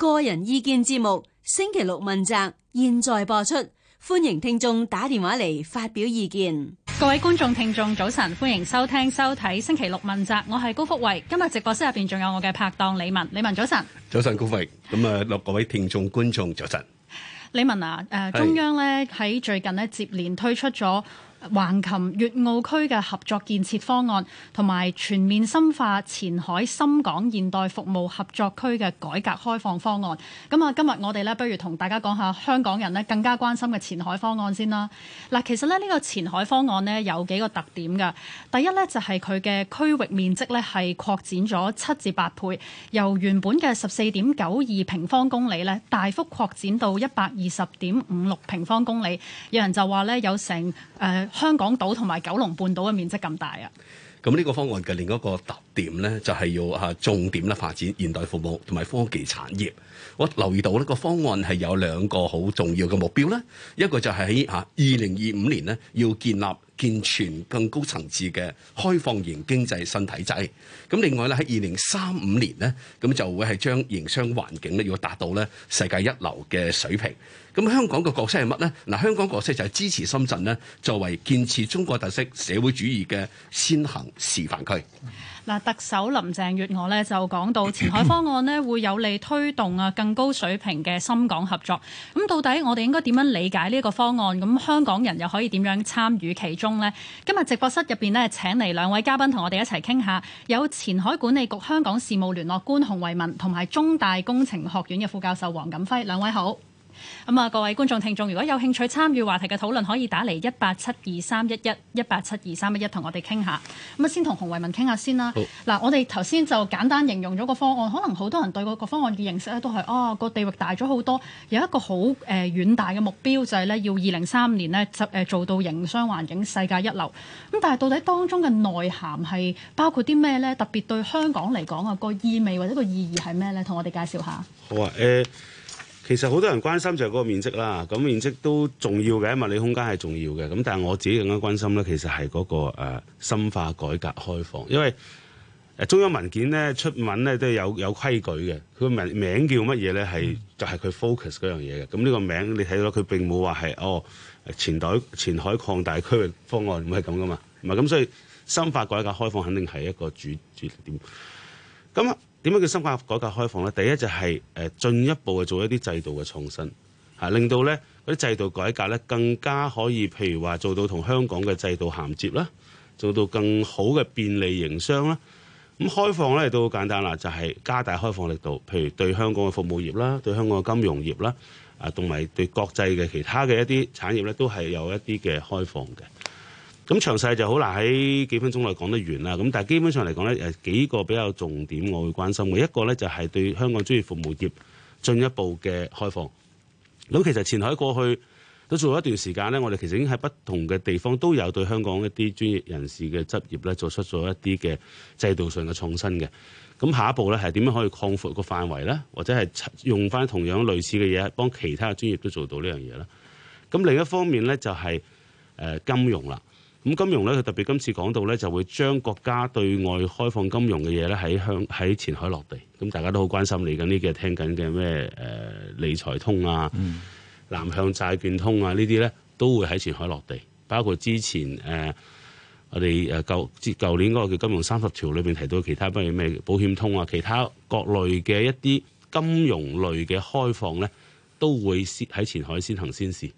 個人意見節目星期六問責現在播出，歡迎聽眾打電話嚟發表意見。各位觀眾聽眾早晨，歡迎收聽收睇星期六問責，我係高福慧，今日直播室入邊仲有我嘅拍檔李文，李文早晨，早晨高福慧，咁啊各位聽眾觀眾早晨，李文啊，誒中央咧，喺最近呢接連推出咗。橫琴粵澳區嘅合作建設方案，同埋全面深化前海深港現代服務合作區嘅改革開放方案。咁啊，今日我哋咧不如同大家講下香港人呢更加關心嘅前海方案先啦。嗱，其實咧呢個前海方案呢有幾個特點㗎。第一呢就係佢嘅區域面積呢係擴展咗七至八倍，由原本嘅十四點九二平方公里呢大幅擴展到一百二十點五六平方公里。有人就話呢有成誒，呃香港島同埋九龍半島嘅面積咁大啊！咁呢個方案嘅另一個特點呢，就係要重點咧發展現代服務同埋科技產業。我留意到呢個方案係有兩個好重要嘅目標，一個就係喺二零二五年呢，要建立健全更高層次嘅開放型經濟新體制。咁另外咧喺二零三五年呢，咁就會係將營商環境咧要達到咧世界一流嘅水平。咁香港嘅角色係乜呢？嗱，香港角色就係支持深圳作為建設中國特色社會主義嘅先行示範區。嗱，特首林鄭月娥就講到前海方案咧會有利推動啊更高水平嘅深港合作。咁到底我哋應該點樣理解呢個個方案？咁香港人又可以點樣參與其中呢？今日直播室入面，咧請嚟兩位嘉賓同我哋一齊傾下，有前海管理局香港事務聯絡官洪為民同埋中大工程學院嘅副教授黃錦輝，兩位好。咁啊，各位觀眾、聽眾，如果有興趣參與話題嘅討論，可以打嚟一八七二三一一一八七二三一一同我哋傾下。咁啊，先同洪為民傾下先啦。嗱好，我哋頭先就簡單形容咗個方案，可能好多人對個個方案嘅認識咧都係哦，個地域大咗好多，有一個好誒、呃、遠大嘅目標，就係、是、咧要二零三五年咧就做到營商環境世界一流。咁但係到底當中嘅內涵係包括啲咩咧？特別對香港嚟講啊，個意味或者個意義係咩咧？同我哋介紹下。好啊，呃其實好多人關心就係嗰個面積啦，咁面積都重要嘅，物理空間係重要嘅。咁但係我自己更加關心咧，其實係嗰、嗰個、呃、深化改革開放，因為中央文件咧出文咧都有有規矩嘅。佢名名叫乜嘢咧？係就係、係、佢 focus 嗰樣嘢嘅。咁呢個名你睇到，佢並冇話係哦，前袋前海擴大區域方案唔係咁㗎嘛，唔係咁。所以深化改革開放肯定係一個主主點。咁點樣叫深化改革開放咧？第一就係誒進一步去做一啲制度嘅創新嚇，令到咧啲制度改革咧更加可以，譬如話做到同香港嘅制度銜接啦，做到更好嘅便利營商啦。咁開放咧都好簡單啦，就係加大開放力度，譬如對香港嘅服務業啦，對香港嘅金融業啦，啊，同埋對國際嘅其他嘅一啲產業咧，都係有一啲嘅開放嘅。咁詳細就好難喺幾分鐘內講得完啦。咁但係基本上嚟講呢誒幾個比較重點，我會關心嘅一個呢，就係對香港專業服務業進一步嘅開放。咁其實前海過去都做咗一段時間呢，我哋其實已經喺不同嘅地方都有對香港一啲專業人士嘅執業呢，做出咗一啲嘅制度上嘅創新嘅。咁下一步呢，係點樣可以擴闊個範圍呢？或者係用翻同樣類似嘅嘢幫其他專業都做到呢樣嘢啦。咁另一方面呢，就係金融啦。咁金融咧，佢特別今次講到咧，就會將國家對外開放金融嘅嘢咧，喺香喺前海落地。咁大家都好關心嚟緊呢幾日聽緊嘅咩誒理財通啊、嗯、南向債券通啊這些呢啲咧，都會喺前海落地。包括之前誒、呃、我哋誒舊舊年嗰個叫金融三十條裏邊提到其他，譬如咩保險通啊，其他各類嘅一啲金融類嘅開放咧，都會先喺前海先行先試。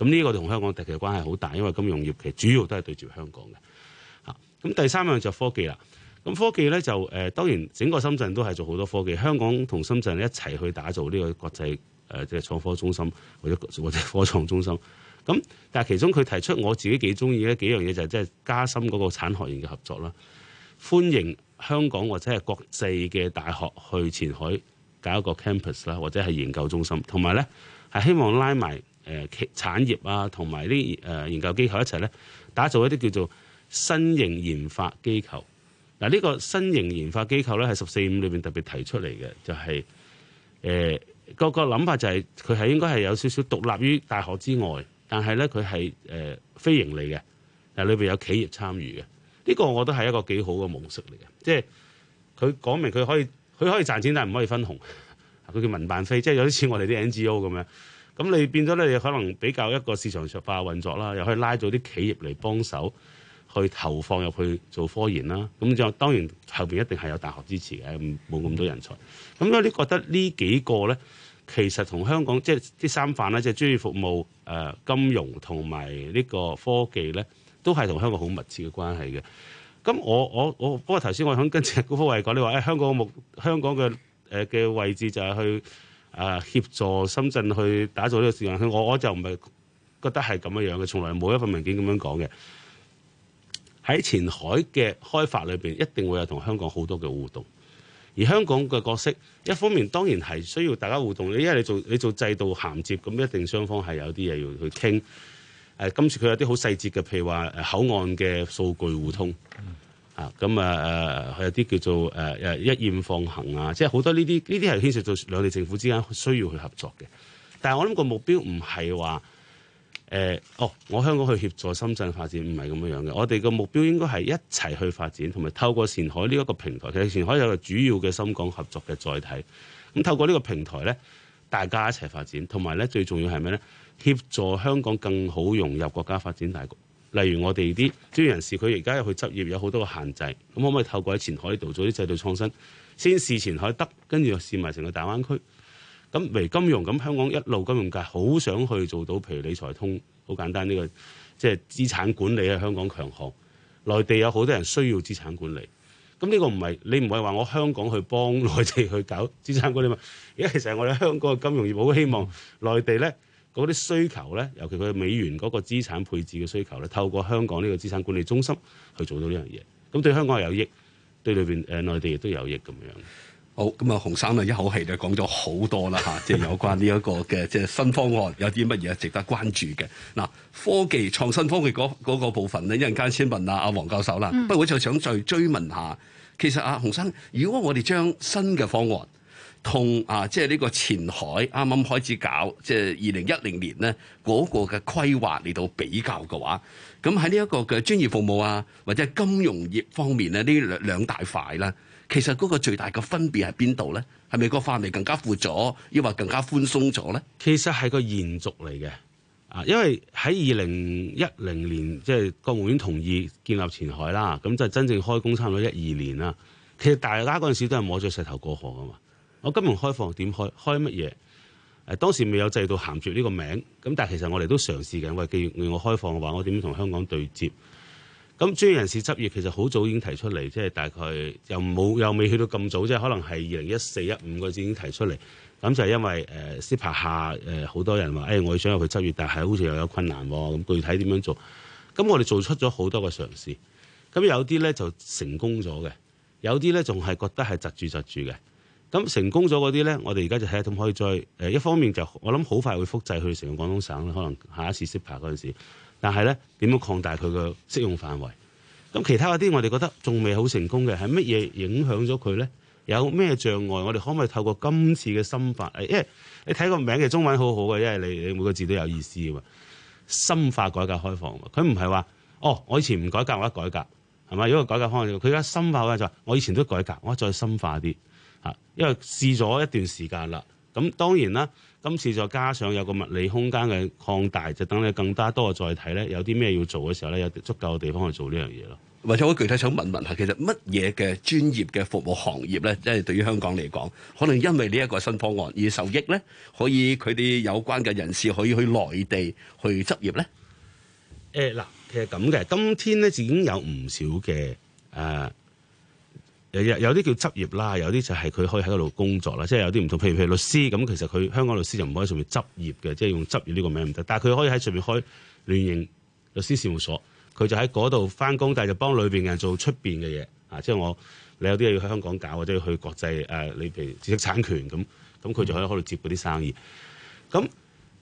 咁呢個同香港其實關係好大，因為金融業其實主要都係對住香港嘅嚇。咁第三樣就科技啦。咁科技呢，就誒當然整個深圳都係做好多科技，香港同深圳一齊去打造呢個國際誒即係創科中心或者或者科創中心。咁但係其中佢提出我自己幾中意呢幾樣嘢，就係即係加深嗰個產學研嘅合作啦，歡迎香港或者係國際嘅大學去前海搞一個 campus 啦，或者係研究中心，同埋呢，係希望拉埋。誒產業啊，同埋啲誒研究機構一齊咧，打造一啲叫做新型研發機構。嗱，呢個新型研發機構咧，係十四五裏邊特別提出嚟嘅，就係，就係誒個個諗法就係佢係應該係有少少獨立於大學之外，但係咧佢係誒非盈利嘅，但係裏邊有企業參與嘅。呢、呢個我都係一個幾好嘅模式嚟嘅，即係佢講明佢可以佢可以賺錢，但係唔可以分紅。佢叫民辦非，即、就、係、係、有啲似我哋啲 NGO 咁樣。咁你變咗咧，你可能比較一個市場上化運作啦，又可以拉到啲企業嚟幫手去投放入去做科研啦。咁就當然後面一定係有大學支持嘅，冇咁多人才。咁你覺得呢幾個咧，其實同香港即係啲三飯啦，即係專業服務、呃、金融同埋呢個科技咧，都係同香港好密切嘅關係嘅。咁我我我不過頭先我想跟住高科衞講，你話、哎、香港目香港嘅嘅、呃、位置就係去。啊！協助深圳去打造呢個市場，我我就唔係覺得係咁樣樣嘅，從來冇一份文件咁樣講嘅。喺前海嘅開發裏面，一定會有同香港好多嘅互動。而香港嘅角色一方面當然係需要大家互動，因為你做你做制度銜接，咁一定雙方係有啲嘢要去傾。啊，今次佢有啲好細節嘅，譬如話口岸嘅數據互通。咁啊，誒誒、呃，有啲叫做誒誒、呃、一驗放行啊，即係好多呢啲呢啲係牽涉到兩地政府之間需要去合作嘅。但係我諗個目標唔係話誒哦，我香港去協助深圳發展唔係咁樣樣嘅。我哋嘅目標應該係一齊去發展，同埋透過前海呢一個平台，其實前海有個主要嘅深港合作嘅載體。咁透過呢個平台咧，大家一齊發展，同埋咧最重要係咩咧？協助香港更好融入國家發展大局。例如我哋啲專業人士，佢而家去執業有好多個限制，咁可唔可以透過喺前海度做啲制度創新，先試前海得，跟住又試埋成個大灣區。咁譬如金融，咁香港一路金融界好想去做到，譬如理財通，好簡單呢個，即係資產管理喺香港強項。內地有好多人需要資產管理，咁呢個唔係你唔係話我香港去幫內地去搞資產管理嘛？而家其實我哋香港嘅金融業好希望內地咧。嗰啲需求咧，尤其佢美元嗰個資產配置嘅需求咧，透過香港呢個資產管理中心去做到呢樣嘢，咁對香港係有益，對裏邊誒內地亦都有益咁樣。好，咁啊，洪生啊，一口氣就講咗好多啦吓 即係有關呢、這、一個嘅即係新方案有啲乜嘢值得關注嘅。嗱，科技創新科技嗰嗰個部分咧，一陣間先問啊啊黃教授啦，嗯、不過我就想再追問下，其實阿洪生，如果我哋將新嘅方案，同啊，即係呢個前海啱啱開始搞，即係二零一零年呢嗰個嘅規劃嚟到比較嘅話，咁喺呢一個嘅專業服務啊，或者係金融業方面咧，呢兩兩大塊啦，其實嗰個最大嘅分別喺邊度咧？係咪個範圍更加闊咗，抑或更加寬鬆咗咧？其實係個延續嚟嘅啊，因為喺二零一零年即係國務院同意建立前海啦，咁就真正開工差唔多一二年啦。其實大家嗰陣時都係摸咗石頭過河噶嘛。我金融開放點開？開乜嘢？誒，當時未有制度涵住呢個名，咁但係其實我哋都嘗試緊。喂，既然我開放嘅話，我點同香港對接？咁專業人士執業其實好早已經提出嚟，即係大概又冇又未去到咁早即係，可能係二零一四一五個字已經提出嚟。咁就係因為誒先拍下誒，好多人話誒，我想入去執業，但係好似又有困難喎。咁具體點樣做？咁我哋做出咗好多個嘗試，咁有啲咧就成功咗嘅，有啲咧仲係覺得係窒住窒住嘅。咁成功咗嗰啲咧，我哋而家就睇下點可以再一方面就我諗好快會複製去成個廣東省啦。可能下一次 CEPA 嗰陣時。但係咧點樣擴大佢嘅適用範圍？咁其他嗰啲我哋覺得仲未好成功嘅係乜嘢影響咗佢咧？有咩障礙？我哋可唔可以透過今次嘅深化？誒，因為你睇個名嘅中文好好嘅，因為你你每個字都有意思嘅。深化改革開放，佢唔係話哦，我以前唔改革，我得改革，係咪？如果改革開放，佢而家深化嘅就係我以前都改革，我再深化啲。啊，因為試咗一段時間啦，咁當然啦，今次再加上有個物理空間嘅擴大，就等你更加多嘅載體咧，有啲咩要做嘅時候咧，有足夠嘅地方去做呢樣嘢咯。或者我具體想問問下，其實乜嘢嘅專業嘅服務行業咧，即係對於香港嚟講，可能因為呢一個新方案而受益咧，可以佢哋有關嘅人士可以去內地去執業咧？誒嗱、欸，其實咁嘅，今天咧已經有唔少嘅誒。啊有啲叫執業啦，有啲就係佢可以喺嗰度工作啦，即係有啲唔同。譬如譬如律師，咁其實佢香港律師就唔可以上面執業嘅，即係用執業呢、呢個名唔得。但係佢可以喺上面開聯營律師事務所，佢就喺嗰度翻工，但係就幫裏邊嘅人做出邊嘅嘢啊！即係我你有啲嘢要喺香港搞，或者要去國際誒，你、呃、譬如知識產權咁，咁佢就可以喺度接嗰啲生意。咁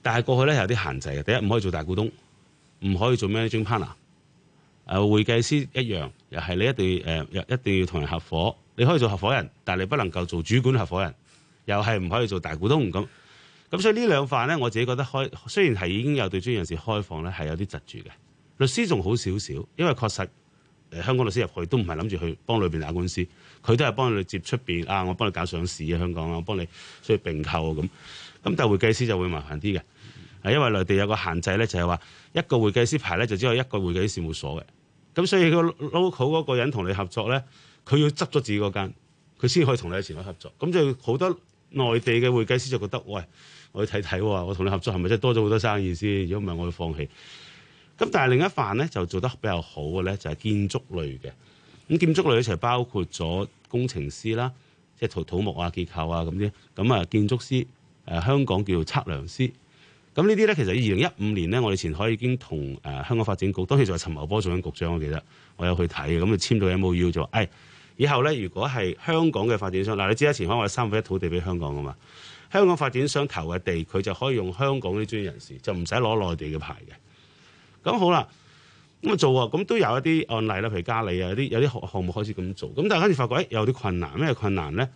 但係過去咧有啲限制嘅，第一唔可以做大股東，唔可以做咩 managing partner。誒、啊、會計師一樣，又係你一定誒、呃，一定要同人合伙。你可以做合伙人，但係你不能夠做主管合伙人，又係唔可以做大股東咁。咁所以呢兩塊呢，我自己覺得開，雖然係已經有對專業人士開放呢，係有啲窒住嘅。律師仲好少少，因為確實、呃、香港律師入去都唔係諗住去幫裏邊打官司，佢都係幫你接出邊啊，我幫你搞上市啊，香港啊，我幫你所以併購啊咁。咁但係會計師就會麻煩啲嘅，因為內地有一個限制呢，就係、是、話一個會計師牌呢，就只有一個會計事務所嘅。咁所以 local 嗰個人同你合作咧，佢要執咗自己嗰間，佢先可以同你喺前海合作。咁就好多內地嘅會計師就覺得，喂，我要睇睇，我同你合作係咪真係多咗好多生意先？如果唔係，我要放棄。咁但係另一範咧就做得比較好嘅咧，就係、是、建築類嘅。咁建築類咧其實包括咗工程師啦，即係土土木啊、結構啊咁啲。咁啊，建築師，誒、呃、香港叫做測量師。咁呢啲咧，其實二零一五年咧，我哋前海已經同、呃、香港發展局，當時就係陳茂波做緊局長，我記得我有去睇，咁就簽到 MOU 就話。誒、哎，以後咧，如果係香港嘅發展商，嗱、啊，你知啦，前海我哋三分一土地俾香港噶嘛，香港發展商投嘅地，佢就可以用香港啲專業人士，就唔使攞內地嘅牌嘅。咁好啦，咁啊做啊，咁都有一啲案例啦，譬如嘉里啊，有啲有啲項項目開始咁做，咁但係跟住發覺，誒、哎、有啲困難，咩困難咧？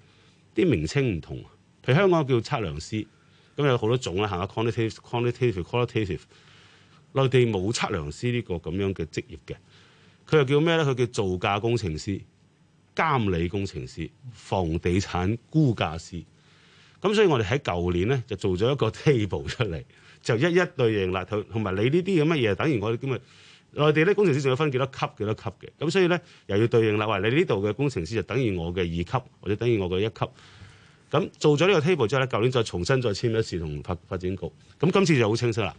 啲名稱唔同，譬如香港叫測量師。咁有好多種啦，行下 quantitative、quantitative、quantitative 內地冇測量師呢個咁樣嘅職業嘅，佢又叫咩咧？佢叫造價工程師、監理工程師、房地產估價師。咁所以，我哋喺舊年咧就做咗一個 table 出嚟，就一一對應啦。同同埋你呢啲咁乜嘢，等於我哋今日內地咧工程師仲有分幾多級、幾多級嘅。咁所以咧，又要對應啦。話你呢度嘅工程師就等於我嘅二級，或者等於我嘅一級。咁做咗呢個 table 之後咧，舊年再重新再簽一次同發發展局。咁今次就好清晰啦。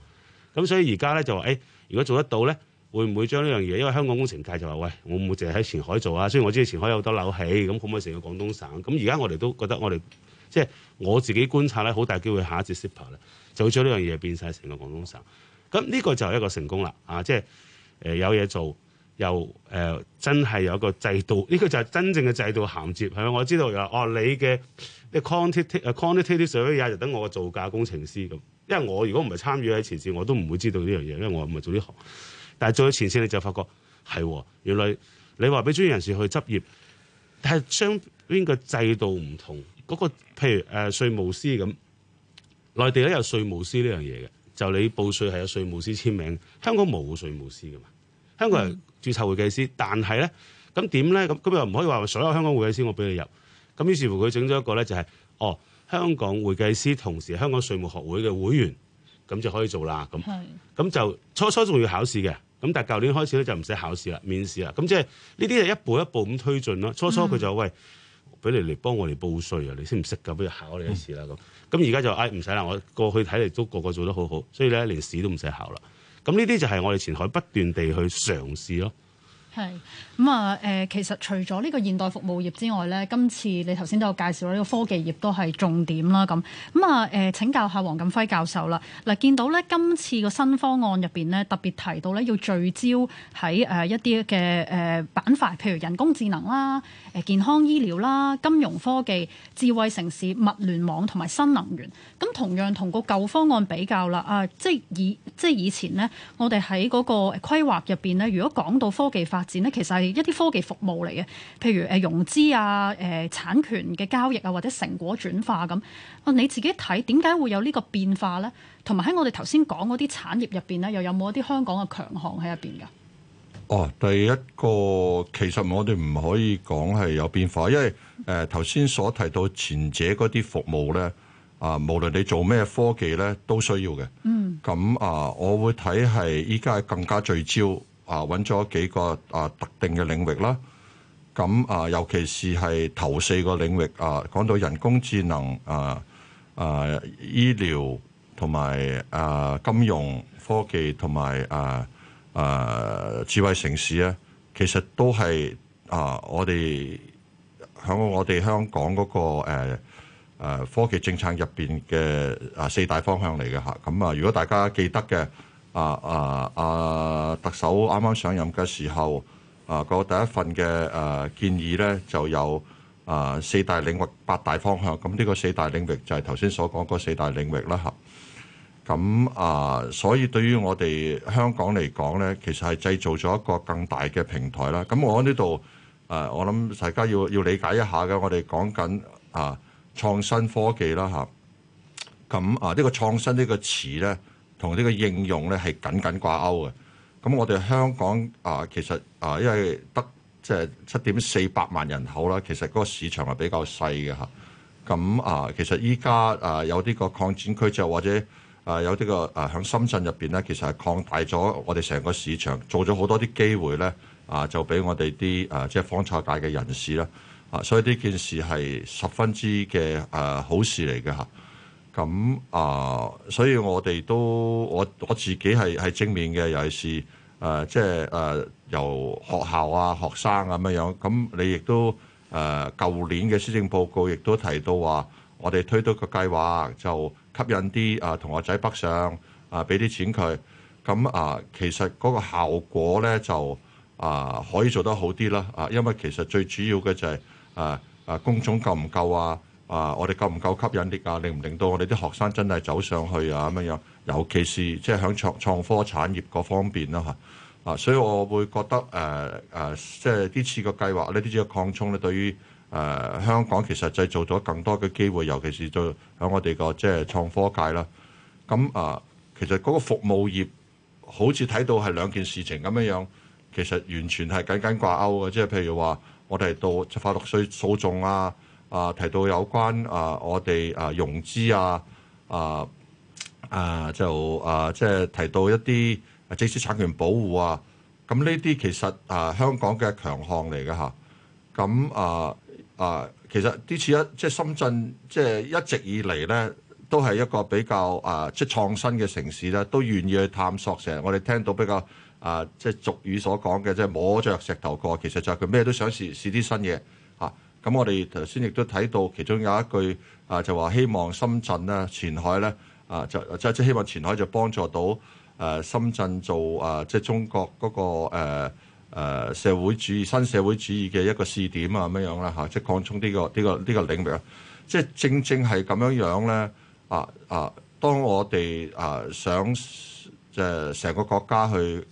咁所以而家咧就話誒、欸，如果做得到咧，會唔會將呢樣嘢？因為香港工程界就話喂，我唔會淨係喺前海做啊。雖然我知道前海有好多樓起，咁可唔可以成個廣東省？咁而家我哋都覺得我哋即係我自己觀察咧，好大機會下一次 CEPA 咧就會將呢樣嘢變晒成個廣東省。咁呢個就係一個成功啦啊！即係誒有嘢做。又、呃、真係有一個制度，呢、這個就係真正嘅制度銜接係咪？我知道哦，你嘅 quantitative quantitative survey 就等我個造價工程師咁，因為我如果唔係參與喺前線，我都唔會知道呢樣嘢，因為我唔係做呢行。但係做咗前線，你就發覺係、哦，原來你話俾專業人士去執業，但係雙邊嘅制度唔同，嗰、那個譬如誒稅務師咁，內地都有稅務師呢樣嘢嘅，就你報稅係有稅務師簽名，香港冇稅務師嘅嘛，香港人、嗯。註冊會計師，但係咧，咁點咧？咁咁又唔可以話所有香港會計師我俾你入。咁於是乎佢整咗一個咧、就是，就係哦，香港會計師同時香港稅務學會嘅會員，咁就可以做啦。咁咁是就初初仲要考試嘅，咁但係舊年開始咧就唔使考試啦，面試啦。咁即係呢啲係一步一步咁推進咯。初初佢就、嗯、喂，俾你嚟幫我哋報稅啊，你識唔識㗎？不如考你一次啦。咁咁而家就誒唔使啦。我過去睇嚟都個個做得好好，所以咧連試都唔使考啦。咁呢啲就係我哋前海不斷地去嘗試囉。係咁啊！誒、嗯嗯，其實除咗呢個現代服務業之外咧，今次你頭先都有介紹啦，呢、這個科技業都係重點啦咁。咁啊誒，請教下黃錦輝教授啦。嗱，見到咧今次個新方案入邊咧，特別提到咧要聚焦喺誒一啲嘅誒板塊，譬、呃、如人工智能啦、誒健康醫療啦、金融科技、智慧城市、物聯網同埋新能源。咁、嗯、同樣同個舊方案比較啦，啊，即係以即係以前咧，我哋喺嗰個規劃入邊咧，如果講到科技化展咧，其實係一啲科技服務嚟嘅，譬如誒融資啊，誒、呃、產權嘅交易啊，或者成果轉化咁。哦，你自己睇點解會有呢個變化咧？同埋喺我哋頭先講嗰啲產業入邊咧，又有冇一啲香港嘅強項喺入邊噶？哦、啊，第一個其實我哋唔可以講係有變化，因為誒頭先所提到前者嗰啲服務咧，啊，無論你做咩科技咧，都需要嘅。嗯。咁啊，我會睇係依家係更加聚焦。啊！揾咗幾個啊特定嘅領域啦，咁啊，尤其是係頭四個領域啊，講到人工智能啊啊醫療同埋啊金融科技同埋啊啊智慧城市啊，其實都係啊我哋響我哋香港嗰個誒誒科技政策入邊嘅啊四大方向嚟嘅吓，咁啊，如果大家記得嘅。啊啊啊！特首啱啱上任嘅時候，啊個第一份嘅誒、啊、建議咧，就有啊四大領域八大方向。咁呢個四大領域就係頭先所講個四大領域啦。吓、啊，咁啊，所以對於我哋香港嚟講咧，其實係製造咗一個更大嘅平台啦。咁我喺呢度誒，我諗大家要要理解一下嘅，我哋講緊啊創新科技啦。吓、啊，咁啊、這個創這個、呢個創新呢個詞咧。同呢個應用咧係緊緊掛鈎嘅，咁我哋香港啊、呃，其實啊、呃，因為得即係七點四百萬人口啦，其實嗰個市場係比較細嘅嚇。咁啊、呃，其實依家啊有啲個擴展區就或者啊、呃、有啲、呢個啊喺、呃、深圳入邊咧，其實係擴大咗我哋成個市場，做咗好多啲機會咧啊、呃，就俾我哋啲啊即係方策界嘅人士啦啊、呃，所以呢件事係十分之嘅啊、呃、好事嚟嘅嚇。咁啊、嗯，所以我哋都我我自己係係正面嘅，尤其是誒即係誒由學校啊、學生咁、啊、樣。樣、嗯。咁你亦都誒舊、呃、年嘅施政報告亦都提到話，我哋推到個計劃就吸引啲啊同學仔北上啊，俾啲錢佢。咁、嗯、啊，其實嗰個效果咧就啊可以做得好啲啦。啊，因為其實最主要嘅就係、是、啊啊工種夠唔夠啊？啊！我哋夠唔夠吸引力啊？令唔令到我哋啲學生真係走上去啊？咁樣樣，尤其是即係響創創科產業嗰方面啦，吓啊！所以我會覺得誒誒、呃啊，即係呢次個計劃咧，呢次個擴充咧，對於誒香港其實製造咗更多嘅機會，尤其是在我哋個即係創科界啦、啊。咁啊，其實嗰個服務業好似睇到係兩件事情咁樣樣，其實完全係緊緊掛鈎嘅。即係譬如話，我哋到法律稅訴訟啊。啊，提到有關啊，我哋啊融資啊，啊啊就啊，即係、啊就係、提到一啲知識產權保護啊，咁呢啲其實啊香港嘅強項嚟嘅嚇，咁啊啊其實呢次一即係深圳，即係一直以嚟咧都係一個比較啊即係創新嘅城市咧，都願意去探索。成日我哋聽到比較啊即係俗語所講嘅，即係摸着石頭過，其實就係佢咩都想試試啲新嘢嚇。啊。咁我哋頭先亦都睇到其中有一句啊，就話希望深圳咧、前海咧，啊就即即希望前海就幫助到誒、啊、深圳做啊，即中國嗰、那個誒、啊啊、社會主義新社會主義嘅一個試點啊，咁樣啦嚇，即擴充呢、這個呢、這個呢、這個領域。啊、即正正係咁樣樣咧，啊啊，當我哋啊想即成、啊、個國家去誒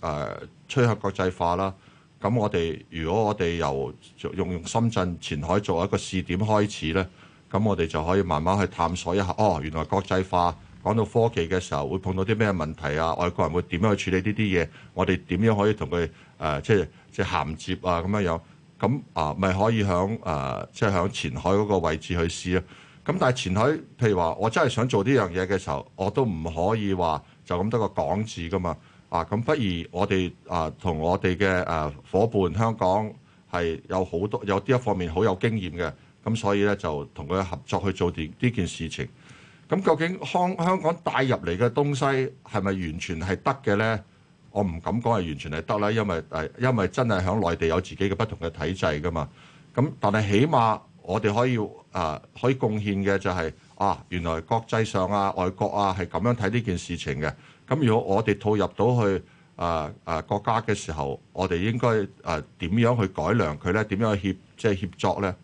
趨合國際化啦。咁我哋如果我哋由用深圳前海做一個試點開始咧，咁我哋就可以慢慢去探索一下哦。原來國際化講到科技嘅時候，會碰到啲咩問題啊？外國人會點樣去處理呢啲嘢？我哋點樣可以同佢誒即係即係銜接啊咁樣樣，咁啊咪可以響誒、呃、即係響前海嗰個位置去試啊，咁但係前海譬如話我真係想做呢樣嘢嘅時候，我都唔可以話就咁多個港字噶嘛。啊，咁不如我哋啊，同我哋嘅誒夥伴香港係有好多有啲一方面好有經驗嘅，咁、啊、所以咧就同佢合作去做啲呢件事情。咁、啊、究竟香香港帶入嚟嘅東西係咪完全係得嘅咧？我唔敢講係完全係得啦，因為因為真係喺內地有自己嘅不同嘅體制噶嘛。咁、啊、但係起碼我哋可以啊可以貢獻嘅就係、是、啊原來國際上啊外國啊係咁樣睇呢件事情嘅。咁如果我哋套入到去啊啊國家嘅時候，我哋應該啊點樣去改良佢咧？點樣去協即係、就是、協作咧？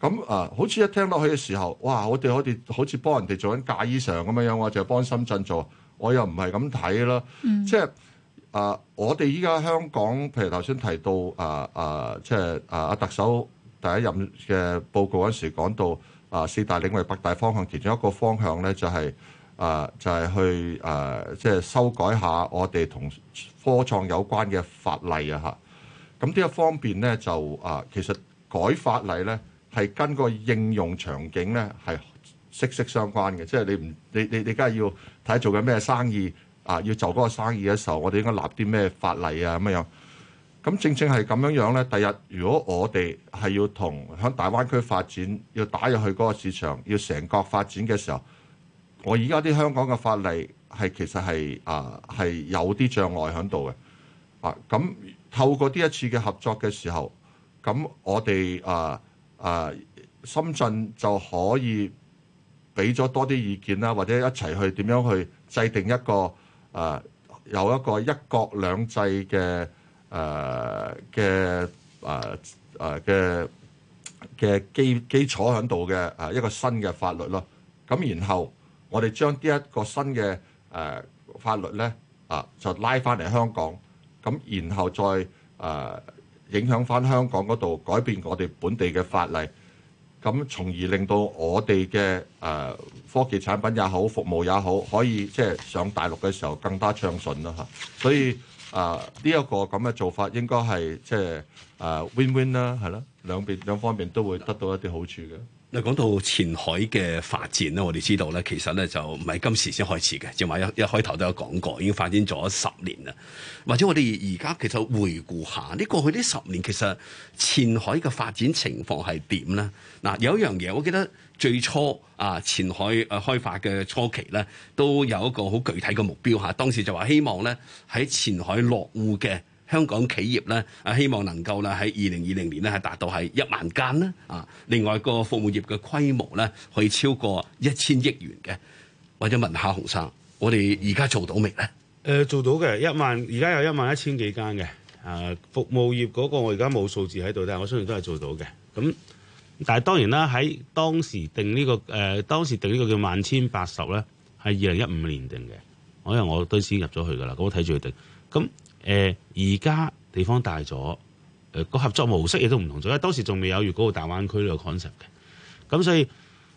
咁啊，好似一聽落去嘅時候，哇！我哋我哋好似幫人哋做緊嫁衣裳咁樣樣，我就幫深圳做，我又唔係咁睇啦。即係啊，我哋依家香港，譬如頭先提到啊啊，即係啊特首第一任嘅報告嗰陣時講到啊四大領域八大方向，其中一個方向咧就係、是。啊，就係、是、去啊，即、就、係、是、修改下我哋同科創有關嘅法例啊！嚇，咁呢一方面咧，就啊，其實改法例咧，係跟個應用場景咧，係息息相關嘅。即、就、係、是、你唔，你你你，而家要睇做緊咩生意啊？要做嗰個生意嘅時候，我哋應該立啲咩法例啊？咁樣，咁正正係咁樣樣咧。第日如果我哋係要同響大灣區發展，要打入去嗰個市場，要成個發展嘅時候。我而家啲香港嘅法例係其實，係啊係有啲障礙響度嘅啊。咁透過呢一次嘅合作嘅時候，咁我哋啊啊深圳就可以俾咗多啲意見啦，或者一齊去點樣去制定一個啊有一個一國兩制嘅誒嘅誒誒嘅嘅基基礎響度嘅啊一個新嘅法律咯，咁然後。我哋將呢一個新嘅誒法律咧啊，就拉翻嚟香港，咁然後再誒影響翻香港嗰度，改變我哋本地嘅法例，咁從而令到我哋嘅誒科技產品也好，服務也好，可以即係上大陸嘅時候更加暢順啦嚇。所以啊，呢一個咁嘅做法應該係即係誒 win win 啦，係囉，兩邊兩方面都會得到一啲好處嘅。嚟講到前海嘅發展咧，我哋知道咧，其實咧就唔係今時先開始嘅，即係話一一開頭都有講過，已經發展咗十年啦。或者我哋而家其實回顧下呢過去呢十年，其實前海嘅發展情況係點咧？嗱，有一樣嘢，我記得最初啊，前海開發嘅初期咧，都有一個好具體嘅目標嚇，當時就話希望咧喺前海落戶嘅。香港企業咧，啊，希望能夠咧喺二零二零年咧係達到係一萬間啦，啊，另外個服務業嘅規模咧可以超過一千億元嘅，或者問下洪生，我哋而家做到未咧？誒，做到嘅一萬，而家有一萬一千幾間嘅，啊，服務業嗰個我而家冇數字喺度，但我相信都係做到嘅。咁，但係當然啦，喺當時定呢個誒，當時定呢個叫萬千八十咧，係二零一五年定嘅，我因為我都先入咗去噶啦，咁我睇住佢定咁。誒而家地方大咗，誒、呃、個合作模式亦都唔同咗。因為當時仲未有粵港澳大灣區呢個 concept 嘅，咁所以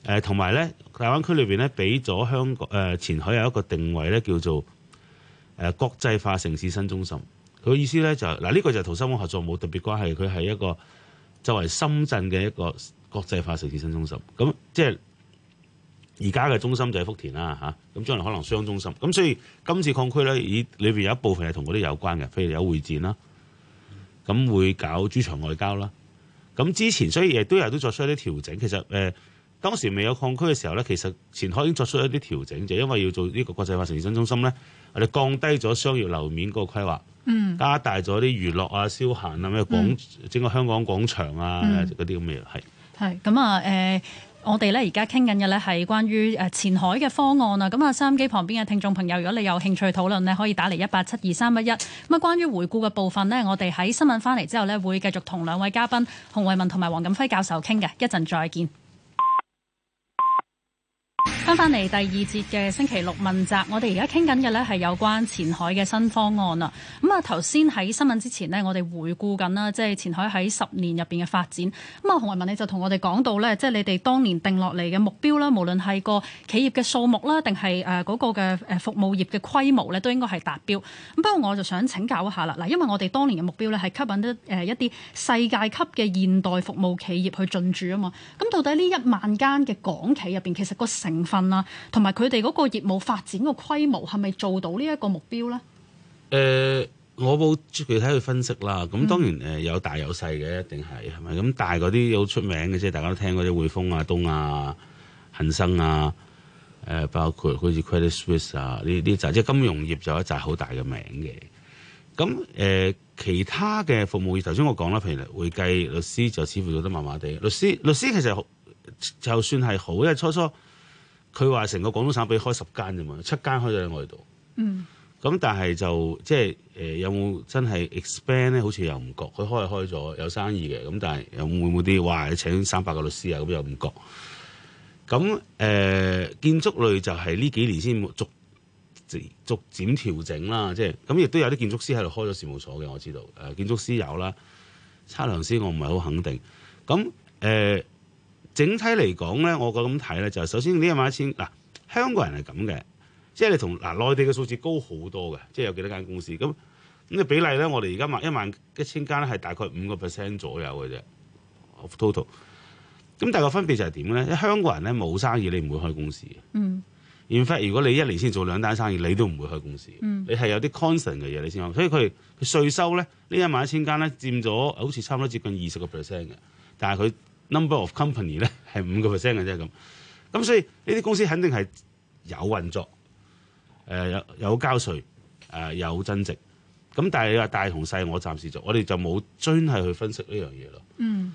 誒同埋咧，大灣區裏邊咧俾咗香港誒、呃、前海有一個定位咧，叫做誒、呃、國際化城市新中心。佢嘅意思咧就係、是、嗱，呢、呃這個就同深港合作冇特別關係，佢係一個作為、就是、深圳嘅一個國際化城市新中心。咁、嗯、即係。而家嘅中心就喺福田啦嚇，咁將來可能雙中心。咁所以今次擴區咧，以裏邊有一部分係同嗰啲有關嘅，譬如有會展啦，咁會搞主場外交啦。咁之前所以亦都有都作出一啲調整。其實誒、呃、當時未有擴區嘅時候咧，其實前海已經作出一啲調整，就因為要做呢個國際化城市新中心咧，我哋降低咗商業樓面嗰個規劃，嗯，加大咗啲娛樂啊、消閒啊咩廣、嗯、整個香港廣場啊嗰啲咁嘅嘢，係係咁啊誒。我哋咧而家傾緊嘅咧係關於誒前海嘅方案啊，咁啊收音機旁邊嘅聽眾朋友，如果你有興趣討論咧，可以打嚟一八七二三一一。咁啊，關於回顧嘅部分呢，我哋喺新聞翻嚟之後呢，會繼續同兩位嘉賓洪為民同埋黃錦輝教授傾嘅，一陣再見。翻返嚟第二節嘅星期六問責，我哋而家傾緊嘅咧係有關前海嘅新方案啦。咁啊，頭先喺新聞之前呢，我哋回顧緊啦，即係前海喺十年入面嘅發展。咁啊，洪為民你就同我哋講到咧，即係你哋當年定落嚟嘅目標啦，無論係個企業嘅數目啦，定係嗰個嘅服務業嘅規模咧，都應該係達標。咁不過我就想請教一下啦，嗱，因為我哋當年嘅目標咧係吸引得一啲世界級嘅現代服務企業去進駐啊嘛。咁到底呢一萬間嘅港企入面，其實個成分啦，同埋佢哋嗰個業務發展嘅規模係咪做到呢一個目標咧？誒、呃，我冇具體去分析啦。咁當然誒，有大有細嘅，一定係係咪咁？但係嗰啲好出名嘅，即係大家都聽嗰啲匯豐啊、東亞、啊、恒生啊，誒、呃，包括好似 Credit Suisse 啊呢啲紮，即係金融業就有一紮好大嘅名嘅。咁誒、呃，其他嘅服務業，頭先我講啦，譬如話會計、律師就似乎做得麻麻地。律師律師其實就算係好，因為初初。佢話成個廣東省俾開十間啫嘛，七間開咗喺我度。嗯，咁但係就即係誒有冇真係 expand 咧？好似又唔覺。佢開係開咗有生意嘅，咁但係有冇啲話你請三百個律師啊？咁又唔覺。咁誒、呃、建築類就係呢幾年先逐逐漸調整啦，即係咁亦都有啲建築師喺度開咗事務所嘅。我知道誒、呃、建築師有啦，測量師我唔係好肯定。咁誒。呃整體嚟講咧，我個咁睇咧就係、是、首先呢一萬一千嗱、啊，香港人係咁嘅，即係你同嗱、啊、內地嘅數字高好多嘅，即係有幾多間公司咁咁嘅比例咧？我哋而家萬一萬一千間咧係大概五個 percent 左右嘅啫 of total。咁但係個分別就係點咧？香港人咧冇生意，你唔會開公司嘅。嗯。Mm. In fact，如果你一年先做兩單生意，你都唔會開公司、mm. 你是。你係有啲 constant 嘅嘢你先開，所以佢佢稅收咧呢這一萬一千間咧佔咗好似差唔多接近二十個 percent 嘅，但係佢。Number of company 咧，係五個 percent 嘅啫咁，咁所以呢啲公司肯定係有運作，誒有有交稅，誒有增值，咁但係你話大同細，我暫時做，我哋就冇真係去分析呢樣嘢咯。嗯。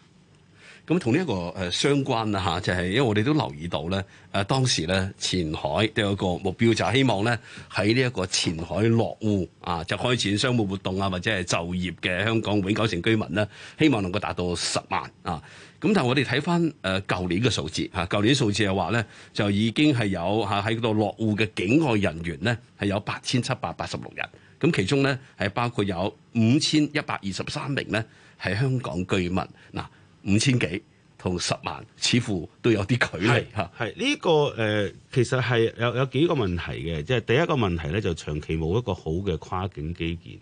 咁同呢一個誒相關啊嚇，就係因為我哋都留意到咧，誒當時咧前海都有個目標，就係希望咧喺呢一個前海落戶啊，就開展商務活動啊，或者係就業嘅香港永久性居民咧，希望能夠達到十萬啊。咁但係我哋睇翻誒舊年嘅數字嚇，舊年數字嘅話咧，就已經係有嚇喺度落戶嘅境外人員咧，係有八千七百八十六人，咁其中咧係包括有五千一百二十三名咧係香港居民嗱。五千幾同十萬似乎都有啲距離嚇，係呢、這個誒、呃，其實係有有幾個問題嘅，即係第一個問題咧就長期冇一個好嘅跨境基建，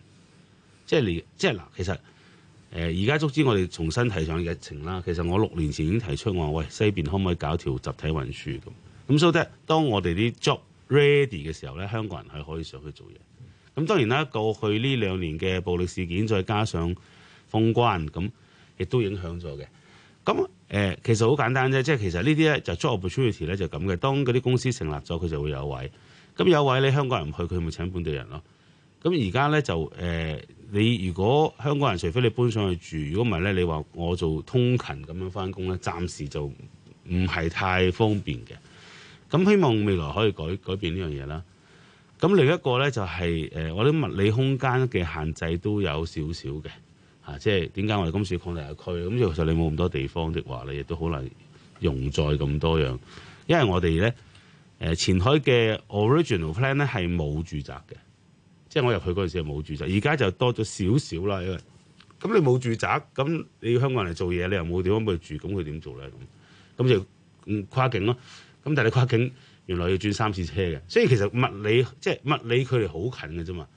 即係你即係嗱，其實誒而家足知我哋重新提上日程啦。其實我六年前已經提出我話，喂西邊可唔可以搞條集體運輸咁咁，所以咧，當我哋啲 job ready 嘅時候咧，香港人係可以上去做嘢。咁當然啦，過去呢兩年嘅暴力事件，再加上封關咁，亦都影響咗嘅，咁、嗯、誒其實好簡單啫，即係其實呢啲咧就 job opportunity 咧就咁嘅，當嗰啲公司成立咗，佢就會有位，咁有位你香港人唔去，佢咪請本地人咯，咁而家咧就誒、呃、你如果香港人除非你搬上去住，如果唔係咧你話我做通勤咁樣翻工咧，暫時就唔係太方便嘅，咁希望未來可以改改變呢樣嘢啦，咁另一個咧就係、是、誒、呃、我哋物理空間嘅限制都有少少嘅。啊、即係點解我哋今次擴大嘅區？咁、嗯、其實你冇咁多地方的話，你亦都好難容載咁多樣。因為我哋咧，誒、呃、前海嘅 original plan 咧係冇住宅嘅，即係我入去嗰陣時係冇住宅，而家就多咗少少啦。因為咁你冇住宅，咁你要香港人嚟做嘢，你又冇地方俾佢住，咁佢點做咧？咁咁就、嗯、跨境咯、啊。咁但係你跨境原來要轉三次車嘅，所以其實物理即係物理距離好近嘅啫嘛。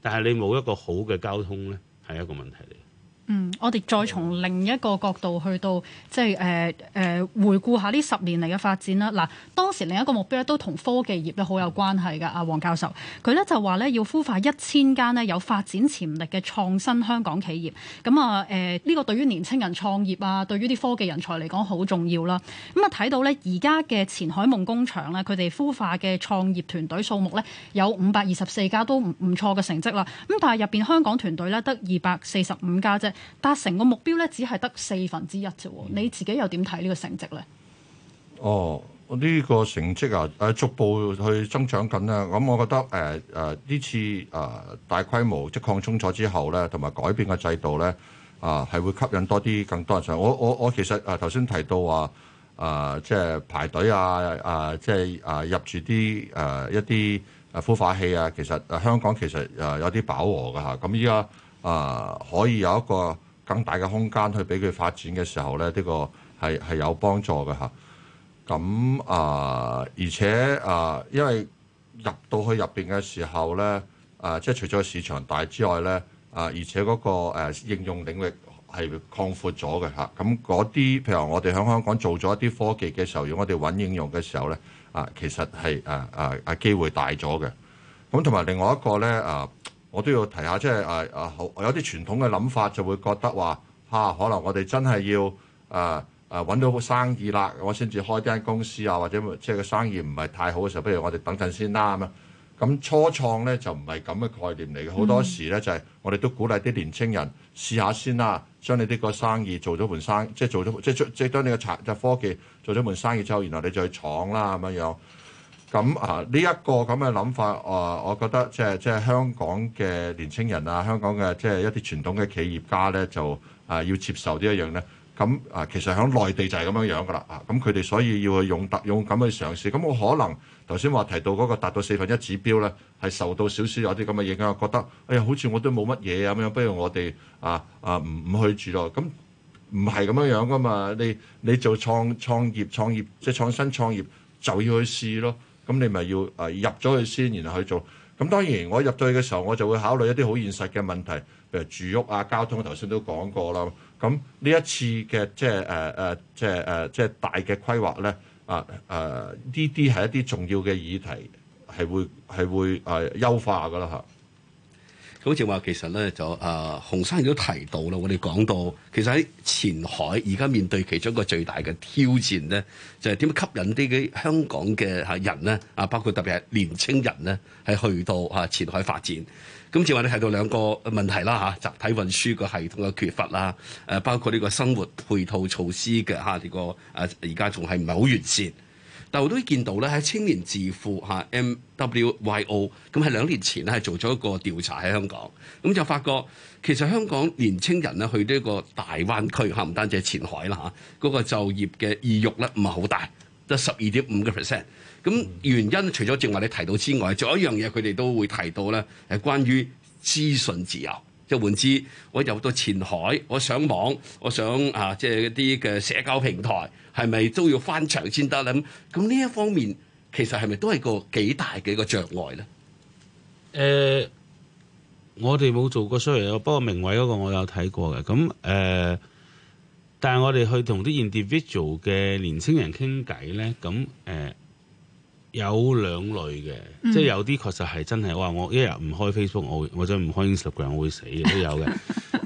但係你冇一個好嘅交通咧，係一個問題嚟。嗯，我哋再從另一個角度去到即係、就是呃呃、回顧下呢十年嚟嘅發展啦。嗱，當時另一個目標咧都同科技業都好有關係㗎。阿黃教授佢咧就話咧要孵化一千間咧有發展潛力嘅創新香港企業。咁啊呢個對於年輕人創業啊，對於啲科技人才嚟講好重要啦。咁啊睇到咧而家嘅前海夢工場咧，佢哋孵化嘅創業團隊數目咧有五百二十四家，都唔唔錯嘅成績啦。咁但係入面香港團隊咧得二百四十五家啫。達成個目標咧，只係得四分之一啫喎！你自己又點睇呢個成績咧？哦，呢、這個成績啊，誒逐步去增長緊啦。咁、嗯、我覺得誒誒呢次誒、呃、大規模即擴充咗之後咧，同埋改變嘅制度咧，啊、呃、係會吸引多啲更多人上。我我我其實誒頭先提到話誒、呃，即係排隊啊，誒、呃、即係誒入住啲誒一啲誒孵化器啊。其實、呃、香港其實誒有啲飽和㗎吓，咁依家。啊，可以有一個更大嘅空間去俾佢發展嘅時候咧，呢個係係有幫助嘅嚇。咁啊，而且啊，因為入到去入邊嘅時候咧，啊，即係除咗市場大之外咧，啊，而且嗰個誒應用領域係擴闊咗嘅嚇。咁嗰啲，譬如我哋喺香港做咗一啲科技嘅時候，如果我哋揾應用嘅時候咧，啊，其實係誒誒誒機會大咗嘅。咁同埋另外一個咧啊。我都要提下，即係誒誒，好、呃、有啲傳統嘅諗法，就會覺得話嚇、啊，可能我哋真係要誒誒搵到個生意啦，我先至開間公司啊，或者即係個生意唔係太好嘅時候，不如我哋等陣先啦咁啊。咁初創咧就唔係咁嘅概念嚟嘅，好多時咧就係、是、我哋都鼓勵啲年青人試下先啦，將你呢個生意做咗盤生，即係做咗即係即係當你嘅財就科技做咗盤生意之後，然後你再去闖啦咁樣樣。咁啊，呢一個咁嘅諗法啊，我覺得即係即係香港嘅年青人啊，香港嘅即係一啲傳統嘅企業家咧，就啊要接受呢一樣咧。咁啊，其實喺內地就係咁樣樣噶啦。啊，咁佢哋所以要去勇特勇敢去嘗試。咁、啊、我可能頭先話提到嗰個達到四分一指標咧，係受到少少有啲咁嘅影響，覺得哎呀，好似我都冇乜嘢啊，咁樣不如我哋啊啊唔唔、啊、去住咯。咁唔係咁樣樣噶嘛？你你做創創業創業即係創新創業就要去試咯。咁你咪要入咗去先，然後去做。咁當然，我入到去嘅時候，我就會考慮一啲好現實嘅問題，譬如住屋啊、交通，頭先都講過啦。咁呢一次嘅即係即係即係大嘅規劃咧，啊呢啲係一啲重要嘅議題，係會係會誒、呃、優化噶啦嚇。咁正話其實咧就誒，洪生亦都提到啦，我哋講到其實喺前海而家面對其中一個最大嘅挑戰咧，就係點吸引啲嘅香港嘅人咧啊，包括特別係年青人咧係去到前海發展。咁正話你提到兩個問題啦嚇，集體運輸個系統嘅缺乏啦，誒包括呢個生活配套措施嘅嚇呢個而家仲係唔係好完善？但我都見到咧，喺青年智庫嚇 M W Y O，咁喺兩年前咧係做咗一個調查喺香港，咁就發覺其實香港年青人咧去呢個大灣區，嚇唔單止係前海啦嚇，嗰個就業嘅意欲咧唔係好大，得十二點五個 percent。咁原因除咗正話你提到之外，仲有一樣嘢佢哋都會提到咧，係關於資訊自由。就換之，我入到前海，我上網，我想啊，即係一啲嘅社交平台係咪都要翻牆先得咧？咁呢一方面其實係咪都係個幾大嘅一個障礙咧？誒、呃，我哋冇做過 survey，不過明偉嗰個我有睇過嘅。咁誒、呃，但係我哋去同啲 individual 嘅年青人傾偈咧，咁誒。呃有兩類嘅，即係有啲確實係真係，哇！我一日唔開 Facebook，我或者唔開 Instagram，我會死嘅都有嘅。